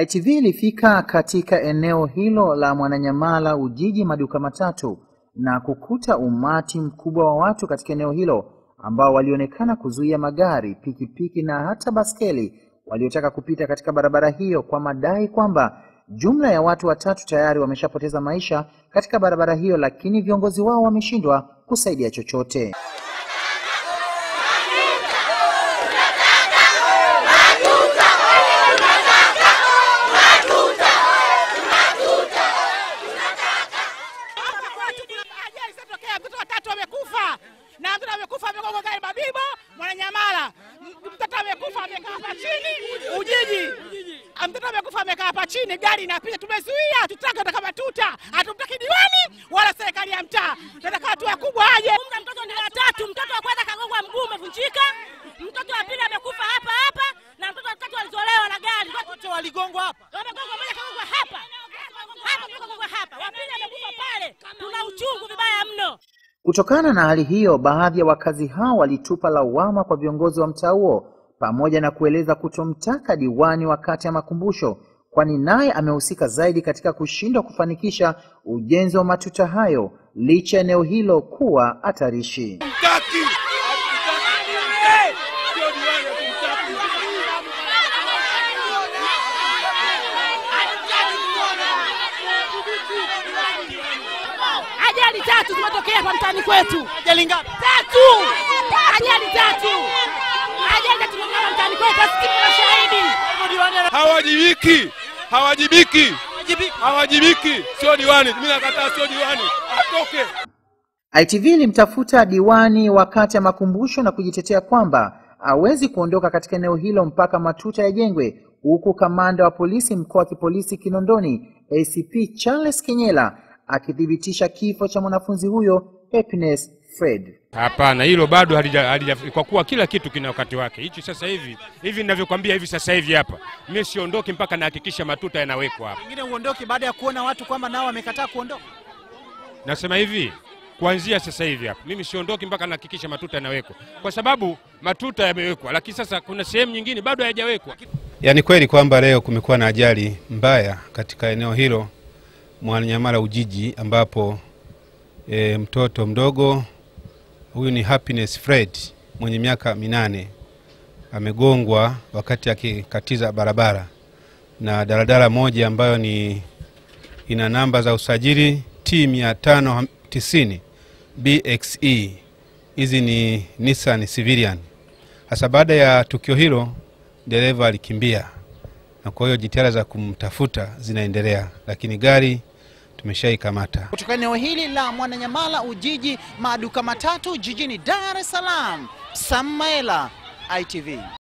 ITV ilifika katika eneo hilo la Mwananyamala, Ujiji, maduka matatu na kukuta umati mkubwa wa watu katika eneo hilo ambao walionekana kuzuia magari, pikipiki piki na hata baskeli waliotaka kupita katika barabara hiyo kwa madai kwamba jumla ya watu watatu tayari wameshapoteza maisha katika barabara hiyo, lakini viongozi wao wameshindwa kusaidia chochote. ajali isatokea, mtoto watatu wamekufa na mtoto amekufa amegonga gari Mabibo Mwananyamala, mtoto amekufa amekaa hapa chini Ujiji, mtoto amekufa amekaa hapa chini, gari inapita. Tumezuia tutake hata kama hatumtaki diwani wala serikali ya mtaa, tunataka watu wakubwa aje. Mtoto ni watatu, mtoto wa kwanza kagongwa mguu umevunjika, mtoto wa pili amekufa hapa hapa, na mtoto wa tatu walizolewa na gari, wote waligongwa hapa, wamegongwa hapa, wapili amekufa pale. Tuna uchungu vibaya mno. Kutokana na hali hiyo, baadhi ya wakazi hao walitupa lawama kwa viongozi wa mtaa huo pamoja na kueleza kutomtaka diwani wakati ya makumbusho, kwani naye amehusika zaidi katika kushindwa kufanikisha ujenzi wa matuta hayo licha eneo hilo kuwa hatarishi. tatu zimetokea hapa mtaani kwetu. Ajali ngapi? Tatu. Ajali tatu. Ajali tatu zimetokea mtaani kwetu, sisi tunashahidi. Hawajibiki, hawajibiki, hawajibiki. Sio diwani, mimi nakataa, sio diwani, atoke. ITV ilimtafuta diwani wakati ya Makumbusho na kujitetea kwamba hawezi kuondoka katika eneo hilo mpaka matuta yajengwe, huku kamanda wa polisi mkoa wa kipolisi Kinondoni ACP Charles Kinyela akithibitisha kifo cha mwanafunzi huyo Happiness Fred. Hapana, hilo bado halija, kwa kuwa kila kitu kina wakati wake. Hichi sasa hivi hivi ninavyokuambia hivi sasa hivi hapa, mimi siondoki mpaka nahakikisha matuta yanawekwa hapa. Pengine uondoke baada ya kuona watu kwamba nao wamekataa kuondoka. Nasema hivi kuanzia sasa hivi hapa, mimi siondoki mpaka nahakikisha matuta yanawekwa, kwa sababu matuta yamewekwa, lakini sasa kuna sehemu nyingine bado hayajawekwa. Yaani kweli kwamba leo kumekuwa na ajali mbaya katika eneo hilo Mwananyamala Ujiji, ambapo e, mtoto mdogo huyu ni Happiness Fred mwenye miaka minane amegongwa wakati akikatiza barabara na daladala moja ambayo ni ina namba za usajili T 590 BXE. Hizi ni Nissan Civilian. Hasa baada ya tukio hilo, dereva alikimbia, na kwa hiyo jitihada za kumtafuta zinaendelea, lakini gari tumeshaikamata. Kutoka eneo hili la Mwananyamala Ujiji, maduka matatu jijini Dar es Salaam, Samaela, ITV.